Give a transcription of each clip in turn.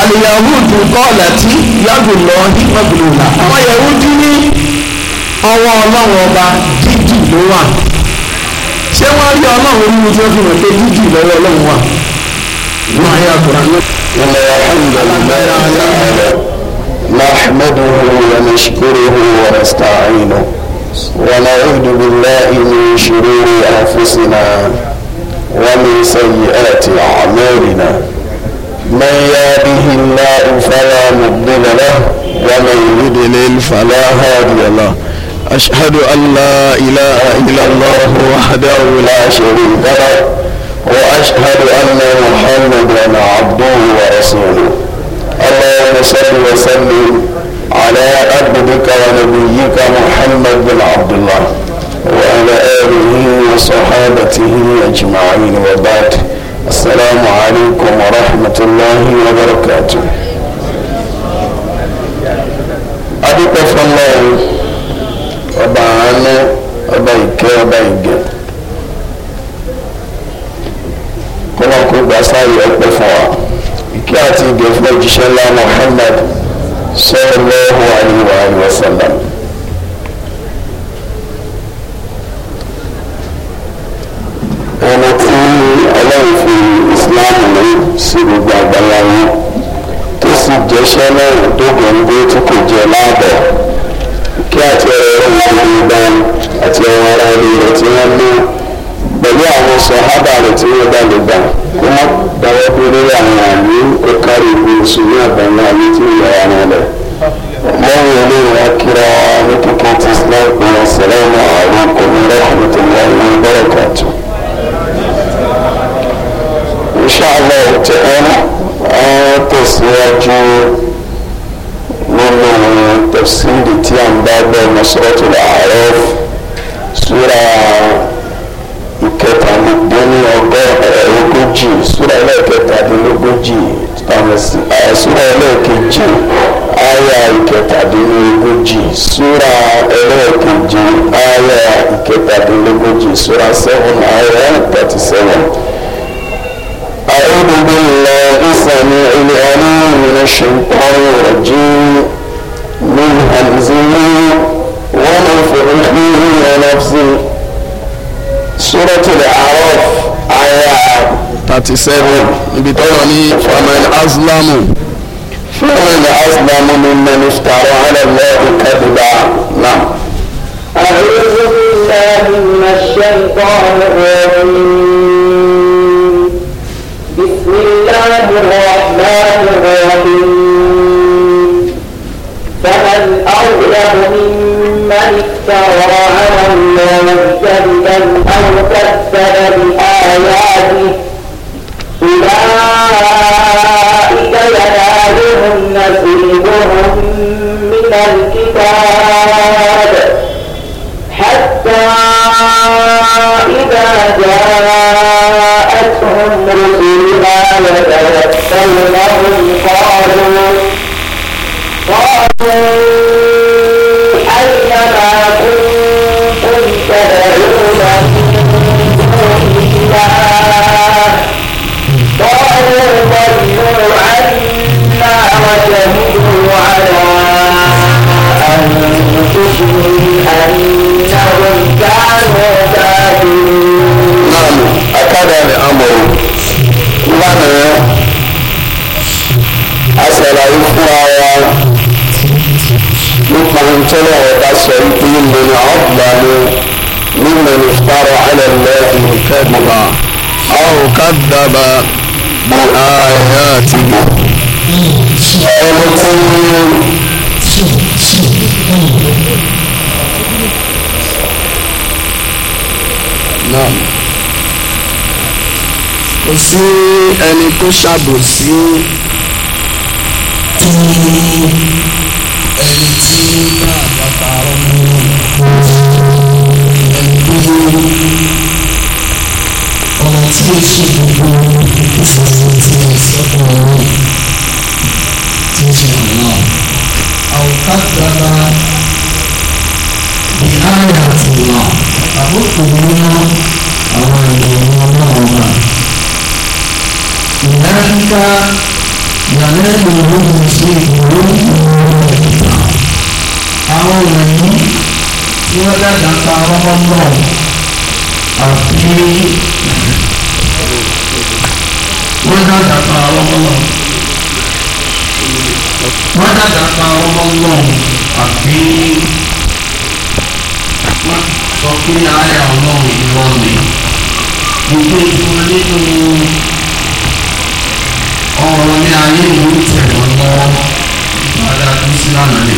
àlèyàwùdù kọ́ọ̀lá tí yàgùnlọ nígbàgbọ́lá àwọn yahudi ní ọwọ́ ọlọ́run ọba dídì ló wà ṣé wọ́n rí ọlọ́run nínú tí wọ́n fi pé dídì lọ́wọ́ wọ́n ilẹ̀ alhamdulilayi wa wa من يهده الله فلا مضل له ومن يضلل فلا هادي له أشهد أن لا إله إلا الله وحده لا شريك له وأشهد أن محمدا عبده ورسوله اللهم صل وسلم على عبدك ونبيك محمد بن عبد الله وعلى آله وصحابته أجمعين وبعد السلام عليكم ورحمة الله وبركاته adúpẹ́ fọlọ́run ọba àánú ọba ìkẹ́ ọba ìgẹ̀ kọ́lọ́kọ́ gbà sáàyè ọpẹ́ fún wa ìkẹ́ àti ìgẹ̀ fún òjíṣẹ́ ńlá Muhammad sallallahu alaihi wa sallam. islam ló sí gbogbo àgbáyé wọn tó sì jẹ́ṣẹ́ lọ́rùn tó gbòǹgbò tí kò jẹ́ láàbọ̀ kí àti ọ̀rọ̀ ìlú ìbáni àti ọ̀rọ̀ ara ilé rẹ̀ tí wọ́n ní pẹ̀lú àwọn sọ̀hábà rẹ̀ tí wọ́n bá lè gbà kí wọ́n dáwọ́ dúró àwọn àmì ó kárí ibi ìṣúná àgbáyé ayé tí ìyá ara rẹ̀ lẹ́yìn ilé ìwà kíra ní kíkẹ́ ti islam pé assalamu alaikum warahmatullahi wabarakatuh inṣàlẹ̀ jẹ́ ẹ́ tẹ̀síwájú nínú tẹ̀síndì tí a ń bá bẹ́ Suratul A'raf súra ìkẹtàlélógójì ogójì súra ẹlẹ́ẹ̀kẹtàlélógójì súra eh, ẹlẹ́ẹ̀kejì àyà ìkẹtàdínlógójì súra ẹlẹ́ẹ̀kejì àyà ìkẹtàdínlógójì súra seven àyà الشيطان الرجيم من همزه ونفخه ونفسه سورة الأعراف آية 37 بتغني فمن أظلم فمن أظلم ممن افترى على الله كذبا نعم أعوذ بالله من الشيطان الرجيم بسم الله الرحمن الرحمن الرحيم فمن أظلم ممن افترى على الله كذبا أو من أظلم ممن افترى على الله كذبا أو كذب بآياته نعم kò sí ẹni tó ṣàbòsí tí ẹni tí ó tó pé ara ọlọ́run ìwọ́n gbogbo ìfún nínú ọ̀rọ̀ ní ayé ìlú tẹ̀wọ́n lọ́wọ́ ìpàdé àtúnṣe lánàá lè.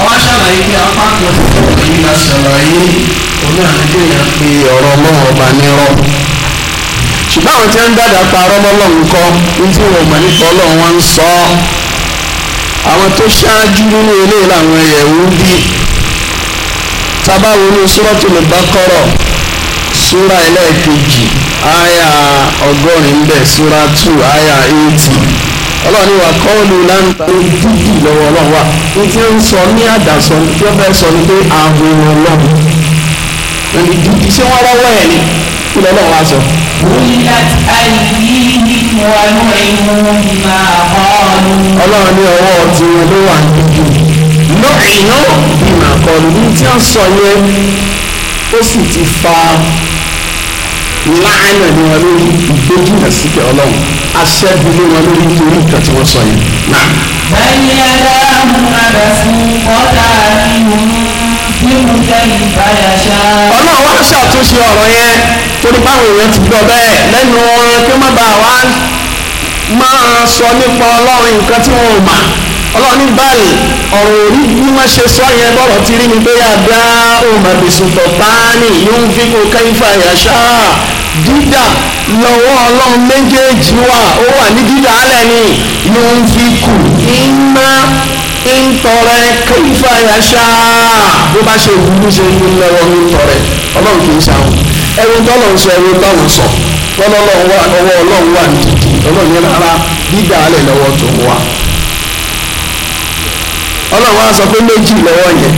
àwa ṣàlàyé pé apá kan ti yìí la ṣàlàyé oní àdéhùn pé ọ̀rọ̀ ọlọ́run ọba nírọ̀ ṣùgbọ́n àwọn tí wọ́n ń pa ọlọ́run kọ́ mọ̀ nípa ọlọ́run wọn ń sọ àwọn tó ṣáájú sábà wọnú Suratul Baqara súra ẹlẹ́ẹ̀kejì àyà ọgọ́rin bẹ́ẹ̀ súra tù àyà eighty ọlọ́ọ̀ni wà kọ́ọ̀lù láǹtà ní dídì lọ́wọ́ ọlọ́run wa ní tí ń sọ ní àdàsọ ní tí wọ́n fẹ́ sọ ní pé ààrùn ọlọ́run ní dídì ṣé wọ́n rọ́wọ́ ẹ̀ ni kí lọ́lọ́run wa sọ. ọlọ́run ní ọwọ́ ọ̀tún ló wà ní dídì kọ̀ọ̀lù ní tí wọ́n sọ yẹn ó sì ti fa láàánà ni wọn lórí ìgbójúmọ̀ síkẹ̀ ọlọ́run aṣẹ́gun ni wọn lórí nítorí nǹkan tí wọ́n sọ yẹn náà. báyìí adáhùn àdàsùn kọ́dà nínú nínú tẹ́lẹ̀ ìbáyàṣá. ọlọ́run wá ṣàtúnṣe ọ̀rọ̀ yẹn torí báwọn èèyàn ti gbọ́ bẹ́ẹ̀ lẹ́nu ọ̀rọ̀ kí wọ́n má bàa wá máa sọ nípa ọlọ́run nǹkan tí wọ́n ò mà ọlọ́run ní báyìí ọ̀rọ̀ orí bí wọ́n ṣe sọ yẹn bọ́rọ̀ ti rí ni pé àdá òmàbìsùtọ̀ báàní yóò fi kó kẹ́yìnfà yàṣá dídà lọ́wọ́ ọlọ́run méjèèjì wà ó wà ní dídà alẹ́ ni yóò fi kù iná ń tọrẹ kẹ́yìnfà yàṣá bó bá ṣe wù ú ṣe ní lọ́wọ́ ń tọrẹ ọlọ́run kì í ṣàwọn ẹ̀rù tọ́lọ̀ ń sọ ẹ̀rù táwọn sọ tọ́lọ́ ọlọ́run wà ọlọ́run yẹn rárá dídà alẹ́ lọ́wọ́ tó wà ọlọ́run á sọ pé méjì lọ́wọ́ yẹn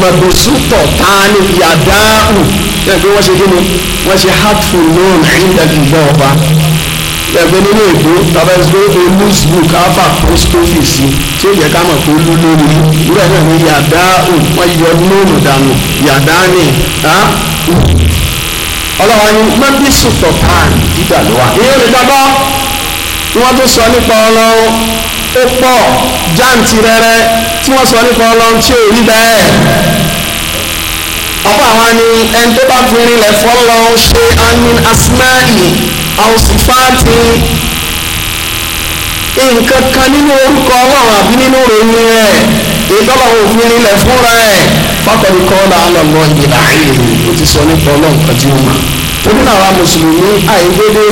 mọ̀bùsùtọ̀ tánú yàdáhù yẹn pé wọ́n ṣe kí ni wọ́n ṣe hàtfù lóun ìdàgbì gbọ́ ọba yẹn pé nínú èkó tàbí ẹsẹ̀ pé olùsùlùk alpha postoffice tí ó yẹ ká mọ̀ pé olú lórí ìwé náà ní yàdáhù wọ́n yọ lóun dànù yàdáhù ọlọ́wọ́ ni mọ̀bùsùtọ̀ tánú dídà lọ́wọ́ ìyẹn lè dábọ́ wọ́n tó sọ nípa ọlọ́run. ó pọ̀ jáǹtìrẹrẹ tí wọn sọ nípa ọlọ́run tí ò rí bẹ́ẹ̀ ọba àwọn ni ẹni tó bá fi fọlọ ṣe amin asmai ausifati nǹkan kan nínú orúkọ ọlọ́run àbí nínú ròyìn rẹ̀ ìtọ́lọ̀ òfin rinlẹ̀ fúnra ẹ̀ fọkànlẹ̀ kọ́lá àlọ́lọ́ ìgbà ti sọ nípa kan tí torí àwọn mùsùlùmí àìgbédé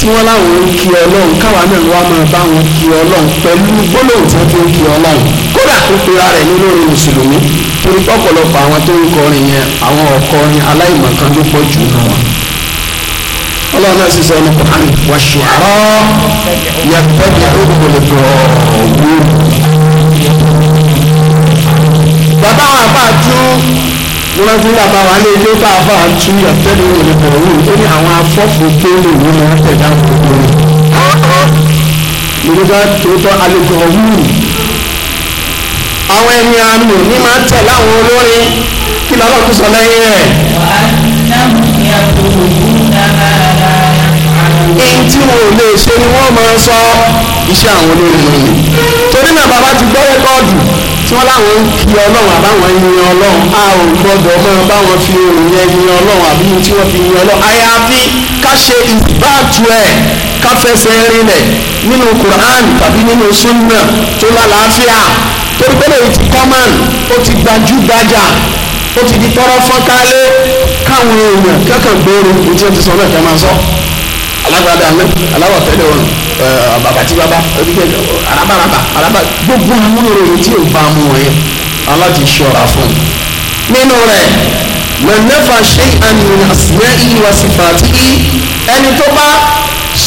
tí wọ́n láwọn ń kí ọlọ́run káwa náà wá máa bá wọn kí ọlọ́run pẹ̀lú gbólóhùn tí wọ́n fi ń kí ọlọ́run kódà tó pera rẹ̀ nínú orin mùsùlùmí torí pọ̀pọ̀lọpọ̀ àwọn tó ń kọrin yẹn àwọn ọ̀kọrin aláìmọ̀kan ló pọ̀ jù náà wọn. ọlọ́run náà sì sọ ní kùránì wà ṣùárọ̀ yàtọ̀jà òkùnkùn gọ̀ọ̀gbù. bàbá àwọn àbá tún mo rántí nígbà bá wà ilé bá a bá a tú yàtọ̀ ní olùkọ́ òun ó ní àwọn afọ́fọ́ tó lè wọ́n mọ́ ẹ̀dá òkú rẹ̀ nígbà tó tọ́ àlejò ọ̀hún àwọn ẹni àánú ní máa ń tẹ̀lé àwọn olórin kí lọ́wọ́ tó sọ lẹ́yìn rẹ̀. èyí tí wọn ò lè ṣe ni wọ́n máa ń sọ iṣẹ́ àwọn olórin torí náà bàbá ti gbọ́ rẹ́kọ́ọ̀dù wọ́n láwọn ń fi ọlọ́run àbáwọn yin ọlọ́run a ò gbọ́dọ̀ máa báwọn fi òun yẹn yin ọlọ́run àbí tí wọ́n fi yin ọlọ́run àyàfi ká ṣe ìbáàtú ẹ̀ ká fẹsẹ̀ rinlẹ̀ nínú Quran tàbí nínú sunna tó lálàáfíà torí pé lèyí ti kọ́mọ̀n ó ti gbajúgbajà ó ti di tọrọ fọ́nkálé káwọn èèyàn kẹ́kọ̀ọ́ gbòòrò ní tí wọ́n ti sọ náà máa sọ alágbádá lẹ aláwọ fẹlẹ wọn ẹ àbàtì bàbá oníkẹ arabaraba araba gbogbo amúlòrò tí o bá mú rẹ aláti ṣọ́ra fún nínú rẹ mẹnẹfà ṣe àníyàn àsìmẹ ìyí wa sì fàtí kí ẹni tó bá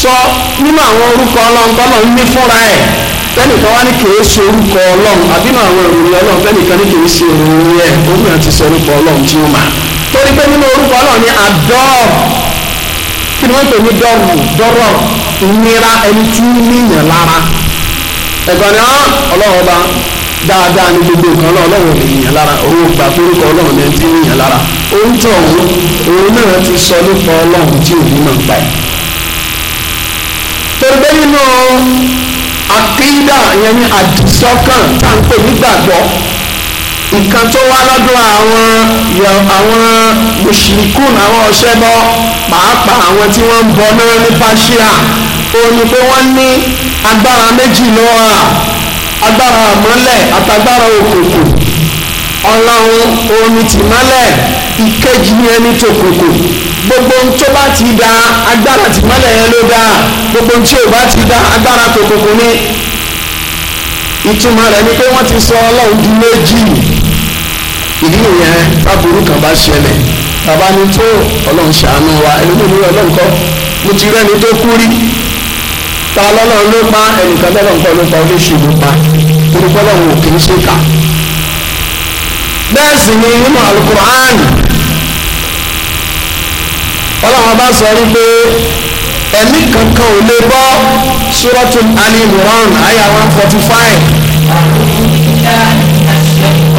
sọ nínú àwọn orúkọ ọlọ́nkọ́lọ́ ń ní fúnra ẹ̀ fẹ́nìkan wá ní kìí ṣe orúkọ ọlọ́run àbínú àwọn ìròyìn ọlọ́run fẹ́nìkan ní kìí ṣe ìròyìn ẹ̀ òun náà ti sọ orúkọ ọlọ́run tí ó mà torí pé nínú orúkọ ọlọ́run ni àdọ́ọ̀ kí ni wọ́n pè ní dọ́rọ̀ dọ́rọ̀ ìnira ẹni tí ń níyàn lára ẹ̀gbọ́n ni ọ́n ah, ọlọ́run ọba dáadáa ní gbogbo nǹkan náà ọlọ́run ò níyàn lára òun ò gbà forúkọ ọlọ́run ní ẹni tí ń níyàn lára òun tó òun òun náà ti sọ nípa ọlọ́run tí òun náà gbà yìí. nínú àkídà yẹn ní àdìsọ́kàn tá à ń pè nígbàgbọ́ nǹkan tó wá lọ́dọ̀ àwọn àwọn mushrikun àwọn ọ̀ṣẹ́bọ pàápàá àwọn tí wọ́n ń bọ náà ní Páṣíà ó ní pé wọ́n ní agbára méjì lọ́wọ́ agbára àmọ́lẹ̀ àtagbára òkùnkùn ọlọ́run omi tìmọ́lẹ̀ ìkejì ní ẹni tó kòkò gbogbo ohun tó bá ti da agbára tìmọ́lẹ̀ yẹn ló dáa gbogbo ohun tí ò bá ti da agbára tó kòkò ní ìtumọ̀ rẹ̀ ni pé wọ́n ti sọ ọlọ́run di méjì ìdí nìyẹn báburú kan bá ṣẹlẹ̀ bàbá ni tó ọlọ́run ṣàánú wa ẹni tó ní ọlọ́run kọ́ mo ti rẹ́ni tó kú rí ta lọ́lọ́run ló pa ẹnìkan lọ́lọ́run kọ́ ló pa oníṣù ló pa torí pọ́lọ́run ò kì í ṣèkà bẹ́ẹ̀ sì ni nínú alukur'an ọlọ́run bá sọ wípé ẹ̀mí kankan ò lè bọ́ suratul Ali Imran one forty five.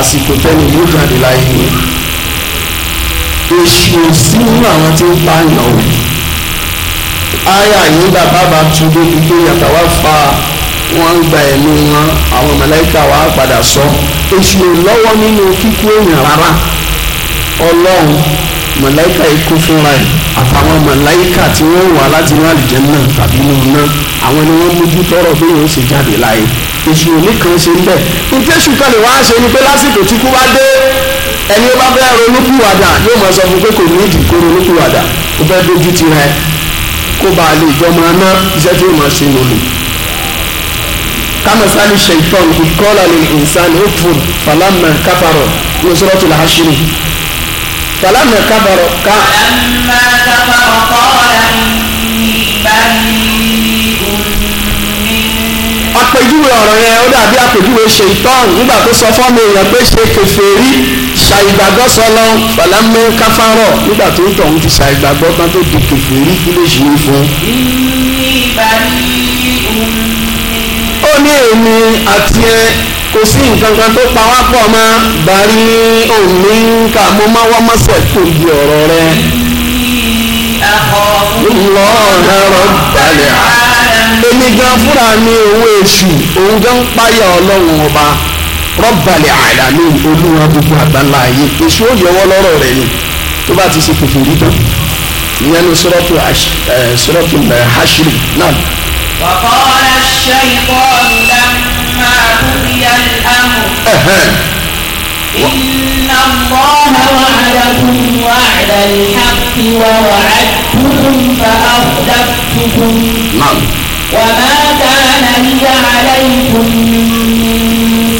àsìkò tẹ́lẹ̀ yóò jáde láyé ni èṣù òsì nínú àwọn tí ń pààyàn o aya yìí bàbá bá tún débi pé yàtàwá fa wọn ń gba ẹ̀mí wọn àwọn mọ̀lẹ́kà wa padà sọ èṣù lọ́wọ́ nínú kíkú èèyàn rárá ọlọ́run mọ̀láìkà ikú fúnra ẹ̀ àtàwọn mọ̀láìkà tí wọ́n wà láti inú àlùjẹ́ náà tàbí inú náà àwọn ni wọ́n mójú tọ́rọ̀ bí wọ́n ṣe jáde láyé èsì òní kan ṣe ń bẹ̀. ìtẹ́sù kan lè wá ṣe ni pé lásìkò tí kú bá dé ẹni ó bá fẹ́ ronúkúwàdà yóò máa sọ fún pé kò ní ìdí kó ronúkúwàdà ó fẹ́ dojú ti rẹ kó bá a lè jọmọ aná iṣẹ́ tí ó máa ṣe lòlù. kámasálì ṣèitán ìkọ́lá lè ìsàn òfin falamma kábàrọ̀ ní suratul hashiri falamma kábàrọ̀ ká. falamma kábàrọ̀ kọ́ àpèjúwe ọ̀rọ̀ yẹn ó dàbí àpèjúwe ṣèitán nígbà tó sọ fọ́ọ̀mù èèyàn pé ṣe kèfèrí ṣàìgbàgbọ́ sọlọ pàlámẹ́ káfárọ̀ nígbà tó ń tọ̀ ń ti ṣàìgbàgbọ́ tán tó di kèfèrí kí ló ṣe é fún. ó ní èmi àti ẹ kò sí nǹkan kan tó pa wá pọ̀ mọ́ bàárí òun ká mo má wá mọ́sẹ̀ kò di ọ̀rọ̀ rẹ. Allah rabbal alamin èmi gan fúnra mi owó èṣù òun gan páyà ọlọ́run ọba rọ́bàlẹ̀ àìlànà olúwa gbogbo àgbáńlá ayé èṣù ó yọwọ́ lọ́rọ̀ rẹ̀ ni tó bá ti ṣe kòkòrò tó ìyẹn ní sọ́rọ́tù sọ́rọ́tù hashiri náà. وقال الشيطان لما قضي الأمر إن الله وعدكم وعد الحق ووعدتكم فأخلفتكم نعم وما كان لي عليكم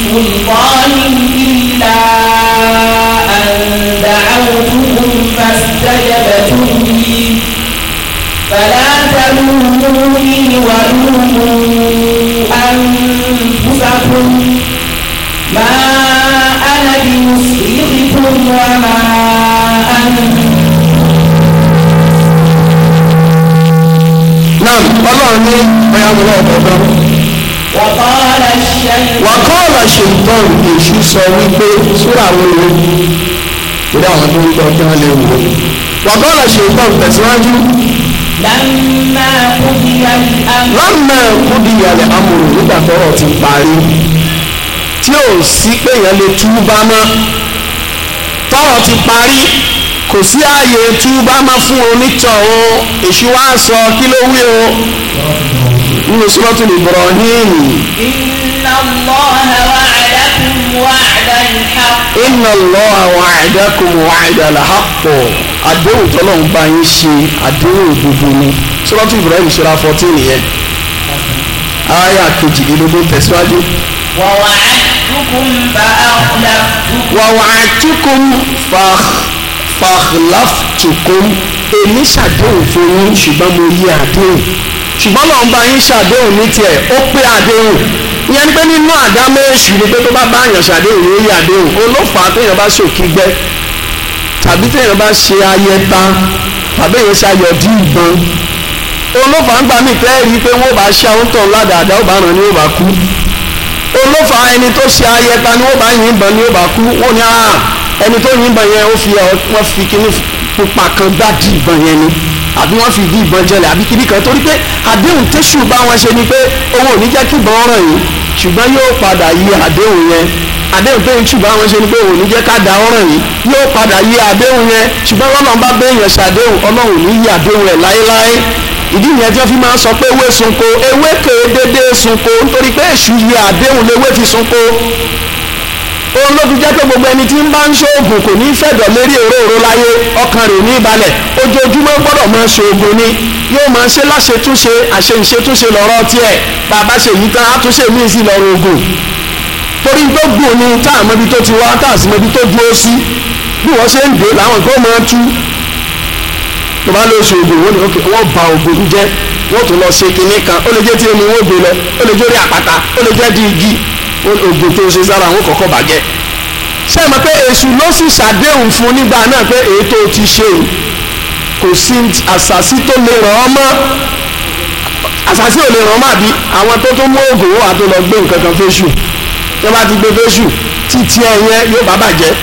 سلطان إلا أن دعوتكم فاستجبتم لي فلا تلوموني ولوموا أنفسكم ما أنا بمصرخكم وما أنتم نعم الله káwọn náà dandan. wàkọ́ọ̀lá ṣètọ́n èṣù sọ wípé sórí àwọn èrò ìdá àwọn tó ń gbọ́ kí wọ́n lè wò ó. wàkọ́ọ̀lá ṣètọ́n tẹ̀síwájú. lámà kúdìyà lè amòrò nígbà tọ́rọ̀ ti parí tí ò sí pé èèyàn lè túbá mọ́ tọ́rọ̀ ti parí kò sí ààyè túbá má fún onítọ̀ o èṣù wá sọ kí ló wí o nínú sọ́tù Ibrahim. Inna Allaha wa'adakum wa'dal haqq. Inna Allaha wa'adakum wa'dal haqq. Àdéhùn tọ́lọ́run bá yín ṣe àdéhùn òdodo ni. Sọ́tù Ibrahim ṣe ra fourteen yẹn. Aya kejìlélógún tẹ̀síwájú. Wàwà àtúkùn fàáhùláfùkùn. Wàwà àtúkùn fàáhùláfùkùn. Èmi ṣàdéhùn fún yín ṣùgbọ́n mo yí àdéhùn ṣùgbọ́n lọ́n bá yín ṣàdéhùn ní tiẹ̀ ó pé àdéhùn ìyẹn ni pé nínú àdámọ́ èṣù ni pé tó bá bá àyàn ṣàdéhùn yóò yí àdéhùn olófàá téèyàn bá ṣòkígbẹ́ tàbí téèyàn bá ṣe ayẹta tàbí èèyàn ṣayọ̀dí ìbọn olófàá ń gbà mí tẹ́ rí i pé wọ́n bá ṣá ń tàn ládàádáa ó bá ràn ní ó bá kú olófàá ẹni tó ṣe ayẹta ni ó bá yìnbọn ni ó bá kú wọ́n ní ẹni tó yìnbọn yẹn ó fi wọ́n fi kíní pupa kan gbàdí ìbọn yẹn ni àbí wọ́n fi ìdí ìbọn jẹlẹ̀ àbí kíní kan torí pé àdéhùn tẹ́sù bá wọn ṣe ni pé owó ò ní jẹ́ kí ìbọn ràn yìí ṣùgbọ́n yóò padà yí àdéhùn yẹn àdéhùn tó ń tù bá wọn ṣe ni pé òun ní jẹ́ ká da ọ̀ràn yìí yóò padà yí àdéhùn yẹn ṣùgbọ́n wọn náà bá béèyàn ṣàdéhùn ọlọ́run ní yí àdéhùn rẹ̀ láéláé ìdí ìyẹn tí wọ́n fi máa sọ pé ewé sunko ewé kèé déédéé sunko nítorí pé èṣù yí àdéhùn léwé fi sunko òun ló fi jẹ́ pé gbogbo ẹni tí ń bá ń ṣoògùn kò ní fẹ̀dọ̀ lérí òróòró láyé ọkàn rẹ̀ ní ìbalẹ̀ ojoojúmọ́ gbọ́dọ̀ máa ṣoògùn ni yóò máa ṣe láṣetúnṣe àṣeìṣetúnṣe lọ́rọ́ tiẹ̀ bàbá ṣe yìí tán àtúnṣe míì sí lọ́rọ̀ ògùn torí tó gùn ni tá àmọ́bi tó ti wá tá àsìmọ́bi tó dúró sí bí wọ́n ṣe ń dè láwọn kó máa tú tó bá lọ ṣoògùn wọ́n ba ògùn jẹ́ wọ́n tún lọ ṣe kinní kan ó lè jẹ́ tí omi wọ́n gbé lọ ó lè jórí àpáta ó lè jẹ́ di igi oògùn tó ṣe sára àwọn kọ̀ọ̀kan bàjẹ́ ṣé ẹ mọ̀ pé èṣù ló sì ṣàdéhùn fún nígbà náà pé ètò ti ṣe o kò sí àṣàṣì tó lè ràn ọ́ mọ́ àṣàṣì ò lè ràn ọ́ mọ́ àbí àwọn tó tó mú oògùn wà tó lọ gbé nǹkan kan fẹ́ṣù tó bá ti gbé fẹ́ṣù títí ẹ̀yẹ yóò bá bàjẹ́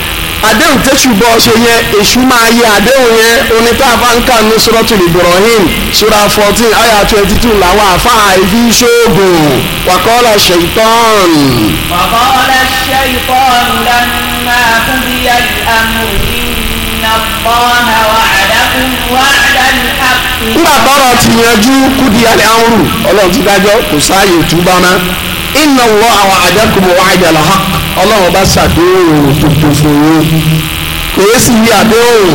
àdéhùn tẹ́sùbọ̀ ṣe yẹn èṣù máa yẹ àdéhùn yẹn onítàfà ní Ibrahim sura fourteen aya twenty two làwọn àfáà ibi ṣoògùn wàkọ́lá ṣèyítọ́n. wàkọ́lá ṣèyítọ́n lẹ́nà kúndíyà àmúrí nígbà tọ́rọ̀ ti yanjú kúdi alẹ́ ọlọ́run ti dájọ́ kò sáàyè túbọ̀ náà ọlọ́run bá ṣàdéhùn òòrùn tuntun fún yín kòwé sì yí àdéhùn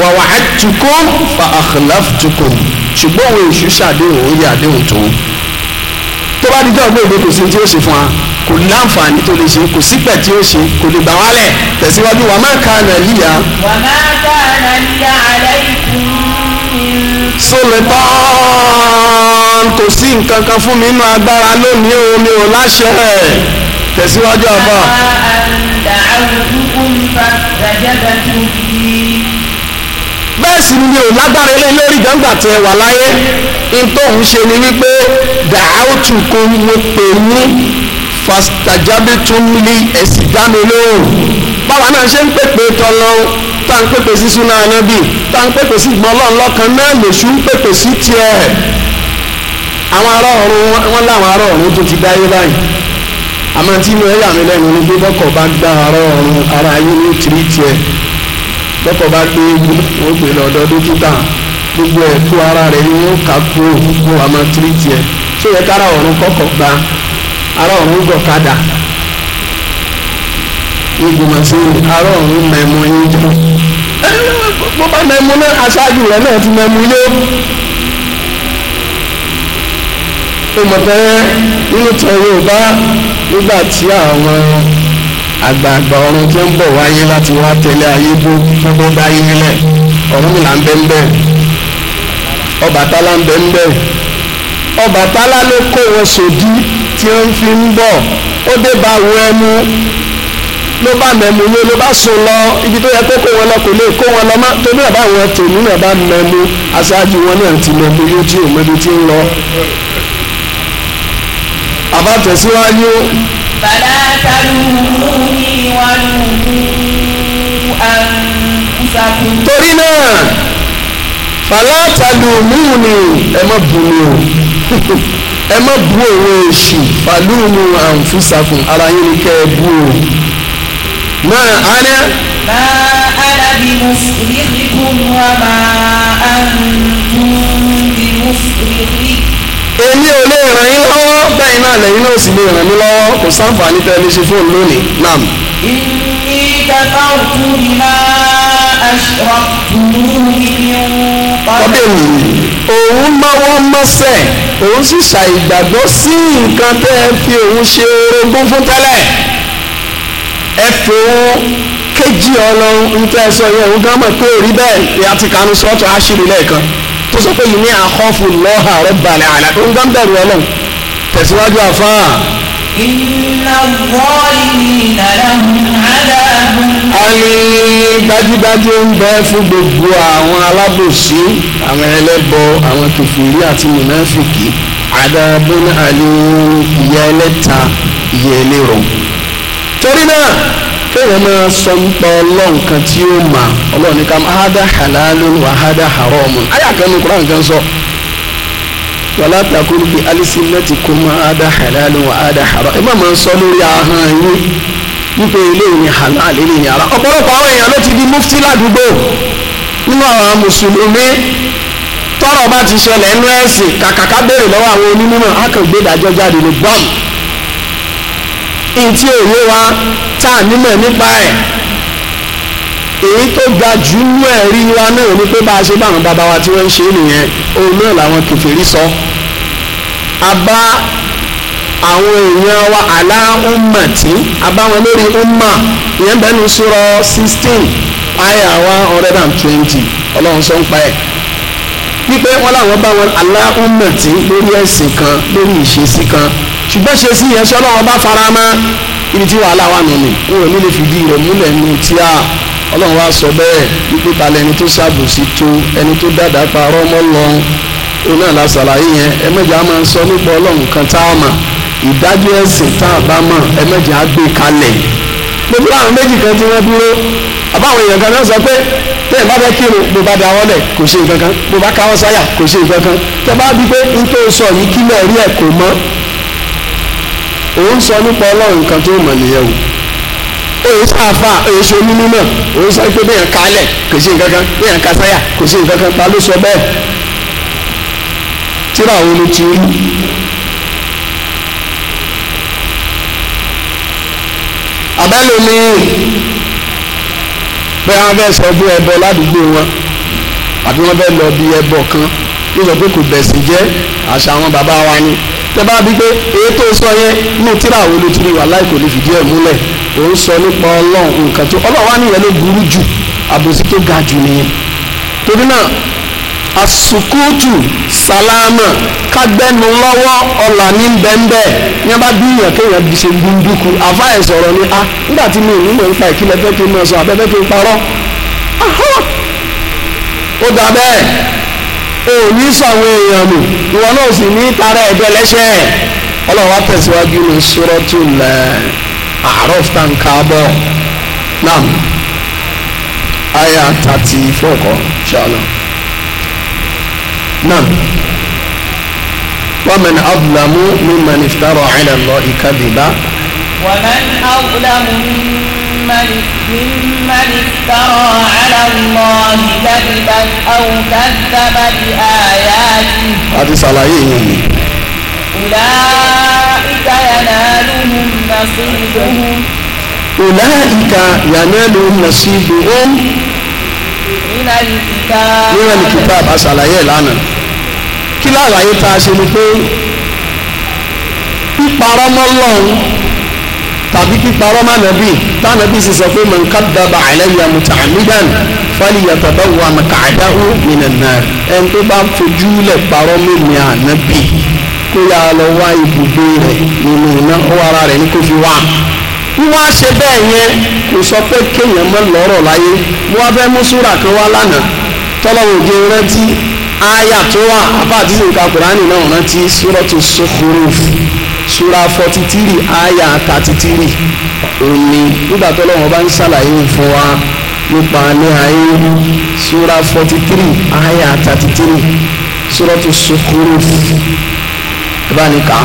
wa wa'adtukum fa akhlaftukum ṣùgbọ́n òun èṣù ṣàdéhùn ó yẹ àdéhùn tó tó bá di dọ́gbọ́n òde kò sí tí ó ṣe fún wa kò láǹfààní tó lè ṣe kò sípẹ̀ tí ó ṣe kò lè gbà wálẹ̀ tẹ̀síwájú wa ma kana liya. wa ma kana liya alaykum kò sí nǹkan kan fún mi inú agbára lónìí o ò láṣẹ tẹ̀síwájú àbá. bẹ́ẹ̀ sì ni mi ò lágbára ilé lórí gbàǹgbà tẹ wà láyé n tó ń ṣe ni wípé dàáwùtù kò mo pè ní fàtàjábí tún lé ẹ̀sìn dá mi lóhùn báwa náà ṣe ń pèpè tọ́lọ́hún tá ń pèpè sí súná anábì tá ń pèpè sí ìgbọ́n ọlọ́run lọ́kan náà lòṣù ń pèpè sí tiẹ̀ àwọn ará ọ̀run wọn láwọn ará ọ̀run tó ti dáyé báyìí. àmọ́ tí inú ẹ yà mí lẹ́nu ni bí bọ́kọ̀ bá gbá ara ayé ní tìrì tiẹ̀ bọ́kọ̀ bá gbé ewu wọ́n gbé lọ́dọ̀ dókítà gbogbo ara rẹ̀ ni wọ́n kà kú òkú àmọ́ tìrì tiẹ̀ ṣé yẹ kára ọ̀run kọ́kọ̀ ara ọ̀run ara ọ̀run mẹ́mú yín bó bá mẹ́mú náà aṣáájú rẹ̀ náà ti mẹ́mú tó mọ̀ fẹ́rẹ́ nínú tán yorùbá nígbà tí àwọn àgbààgbà ọ̀run tó ń bọ̀ wáyé láti wá tẹ̀lé ayé bó fọ́gbọ́ bá yé nílẹ̀ Ọ̀rúnmìlà ń bẹ ń bẹ Ọbàtálá ń bẹ ń bẹ Ọbàtálá ló kó wọn sòdí tí ó ń fi ń bọ̀ ó dé bá wo ẹmu ló bá mẹ́mu ló ló bá sùn lọ ibi tó yẹ kó kó wọn lọ kò lè kó wọn lọ má torí àbáwọn tèmi náà bá mẹ́mu aṣáájú wọn náà ti mẹ́mu yóò tí ò mẹ́mu ti ń lọ àbá tẹ̀síwájú. bàdá tàlùmù ni wà lùmù àǹsàkùn. torí náà fàlàtàlùmù ni ẹ má bù mí o ẹ má bú òwe èṣù fàlùmù àǹfùsàkùn ara yín ni kẹ́ ẹ bú o. náà á ní. máa بمصرخكم وما أنتم بمصرخي èmi ò lè ràn yín lọ́wọ́ bẹ́ẹ̀ náà lẹ́yìn náà sì lè ràn mí lọ́wọ́ kò sáǹfààní tẹ́ ẹ lè ṣe lónìí nam. ìní kàkàrùkù bímá ọbẹ̀ni òun máwọ́ mọ́sẹ̀ òun sì ṣàìgbàgbọ́ sí nǹkan tẹ́ ẹ fi òun ṣe orogún fún tẹ́lẹ̀ ẹ fi òun kéjì ọlọ́run ń tẹ́ ẹ sọ yẹn òun gán mọ̀ pé òrí bẹ́ẹ̀ ìyá ti kanu sọ́ọ̀tù àṣírí lẹ́ẹ̀kan tó sọ pé yìí ní àkọ́fù lọ́hà rọ́bà ní àlá tó ń gán bẹ̀rù ọlọ́run tẹ̀síwájú àfa. iná wọ́ọ̀lì ní ìdàlámù àdáàbò. a ní dájúdájú ń bẹ fún gbogbo àwọn alábòsí àwọn ẹlẹ́bọ àwọn kẹfìrí àti mùnáfìkì àdáàbò ní àlè ìyá ẹlẹ́ta ìyá ẹlẹ́rọ. torí náà kéèyàn máa sọ nípa ọlọ́run kan tí ó mà ọlọ́run ní ká hada halalun wa hada haramun àyà kan ní kuran kan sọ wàlá takuru bi alsinatikum hada halalun wa hada haram ẹ má máa sọ lórí ahọ́n yín wípé eléyìí ni halal eléyìí ni haram ọ̀pọ̀lọpọ̀ àwọn èèyàn ló ti di mufti ládùúgbò nínú àwọn mùsùlùmí tọ́rọ̀ bá ti ṣẹlẹ̀ ẹnu ẹ̀sìn kàkàká béèrè lọ́wọ́ àwọn onímọ̀ akàngbé ìdájọ́ jáde ní bọ́ọ̀mù ntí òye wa tá a nímọ̀ nípa ẹ̀ èyí tó ga jù nú ẹ̀rí wa náà ni pé bá a ṣe bá àwọn bàbá wa tí wọ́n ń ṣe nìyẹn òun náà làwọn kèfèrí sọ a bá àwọn èèyàn wa àlá umma tí a bá wọn lórí umma ìyẹn bẹ́ẹ̀ ní sura sixteen aya one hundred and twenty ọlọ́run sọ ń pa ẹ̀ wípé wọ́n làwọn bá wọn àlá umma tí lórí ẹ̀sìn kan lórí ìṣesí kan ṣùgbọ́n ṣe sí yẹn ṣọlọ́wọ́n bá fara mọ́ ibi tí wàhálà wà nù ni n ò ní lè fìdí rẹ̀ múlẹ̀ nù tí a ọlọ́run wá sọ bẹ́ẹ̀ wípé balẹ̀ ẹni tó ṣàbòsí tó ẹni tó dáadáa parọ́ mọ́ lọ́n òun náà la ṣàlàyé yẹn ẹmẹ́jẹ̀ á máa sọ nípa ọlọ́run kan tá a mọ̀ ìdájọ́ ẹ̀sìn tá a bá mọ̀ ẹmẹ́jẹ̀ á gbé kalẹ̀ gbogbo àwọn méjì kan tí wọ́n dúró àbáwọn èèyàn kan náà sọ pé tẹ́ẹ̀ bá fẹ́ kírun bó bá dáwọ́ lẹ̀ kò ṣe nǹkan kan bó bá káwọ́ sáyà kò ṣe nǹkan kan tẹ́ bá bí pé n sọ yìí kílẹ̀ rí ẹ̀ kò mọ́ òun sọ nípa ọlọ́run kan tó mọ̀ nìyẹn o òun sáfà òun ṣe onímọ̀ náà òun sọ pé bẹ́ẹ̀ kálẹ̀ kò sí nǹkan kan bẹ́ẹ̀ kásáyà kò sí nǹkan kan ta ló sọ bẹ́ẹ̀ tíra àwọn ló ti rí. àbẹ́lò ni pé wọ́n fẹ́ sọ bí ẹbọ ládùúgbò wọn àbí wọ́n fẹ́ lọ bí ẹbọ kan nígbà pé kò bẹ̀sìn jẹ́ àṣà àwọn bàbá wa ni tẹ́bá bí pé èyí tó sọ yẹn inú tíra àwọn olótìrí wà láì kò lè fìdí ẹ̀ múlẹ̀ òun sọ nípa ọlọ́run nǹkan tó ọlọ́run wá nìyẹn ló burú jù àbòsí tó ga jù nìyẹn torí náà àsùkúùtù sàlámà kágbẹ́nu lọ́wọ́ ọ̀là ní bẹ́ńbẹ́ ní a bá gbìyàn kéèyàn bí ṣe gbúndúkú àfáà sọ̀rọ̀ ni a ah, nígbà tí mi ò ní mọ̀ nípa ìkílẹ̀ fẹ́ kí n mọ̀ sọ abẹ́fẹ́ kí n parọ́ ó dà bẹ́ẹ̀ ò ní sọ àwọn èèyàn nù àwọn náà sì ní tara ẹ̀dọ́ ẹlẹ́ṣẹ̀ ọlọ́wọ́ tẹ̀síwájú ní suratul A'raf tanka bọ̀ náà àyà thirty four kọ́ ṣáàlọ́ náà wa man adlamu mimman iftara ala Allahi kadhiba. wa man adlamu. ممن افترى على الله كذبا أو كذب بآياته هذه صلاحيه أولئك ينالهم نصيبهم أولئك ينالهم نصيبهم من الكتاب من الكتاب àṣàlàyé lánàá kí láàlàyé tá a ṣe ni pé píparọ́ mọ́ Ọlọ́run tàbí píparọ́ táwọn ẹbí sì sọ pé man kadaba alayya muta'ammidan falyatabawwa maq'adahu minan nar ẹni tó bá fojú lẹ̀ parọ́ mímì ànábì kó yà lọ wá ibùgbé rẹ̀ nínú iná ó wá ara rẹ̀ ní kó fi wá wíwá ṣe bẹ́ẹ̀ yẹn kò sọ pé kéèyàn mọ́ lọ́rọ̀ láyé wọ́n fẹ́ mú súrà kan wá lánàá tọ́lọ́wọ́ òde rántí áyà tó àti ìsìnká kùránì náà rántí súrọ́tù Zukhruf sura forty three aya thirty three òní nígbà tó lọ́wọ́ bá ń ṣàlàyé fún wa nípa ní ayé sura forty three aya thirty three suratu Zukhruf ìbánika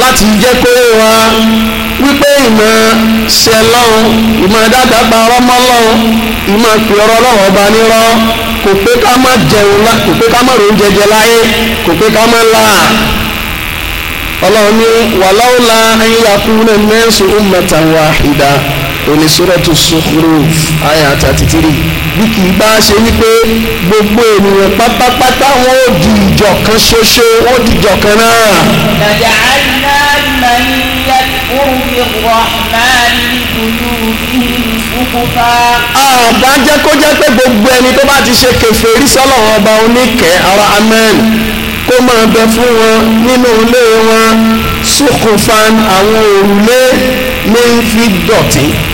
láti jẹ́ kó wa wípé ìmọ̀ ṣe lọ́hùn ìmọ̀ dáadáa gba ọmọ lọ́hùn ìmọ̀ pè ọ̀rọ̀ lọ́wọ́ ọba nírọ́ kò pé ká má jẹun kò pé ká má ròún jẹjẹ láyé kò pé ká má là á ọlọ́run ní wàláwùlá ayélujáfúnná mẹ́sù ummatan wahida onísúrọ́tù Zukhruf àyà thirty three bí kì í bá ṣe wípé gbogbo ènìyàn pátápátá wọn ò di ìjọ kan ṣoṣo wọn di ìjọ kan náà. dàjà àná máa ń yẹ kúrúbì rahman lùdùlù ìfúkúfà. àbájẹ́ kó jẹ́ pé gbogbo ẹni tó bá ti ṣe kèfèrí sọ́lọ́run ọba oníkẹ́ ara amẹ́rin kó máa bẹ fún wọn nínú ilé wọn ṣokùnfà àwọn òrùlé ní fi dọ̀tí.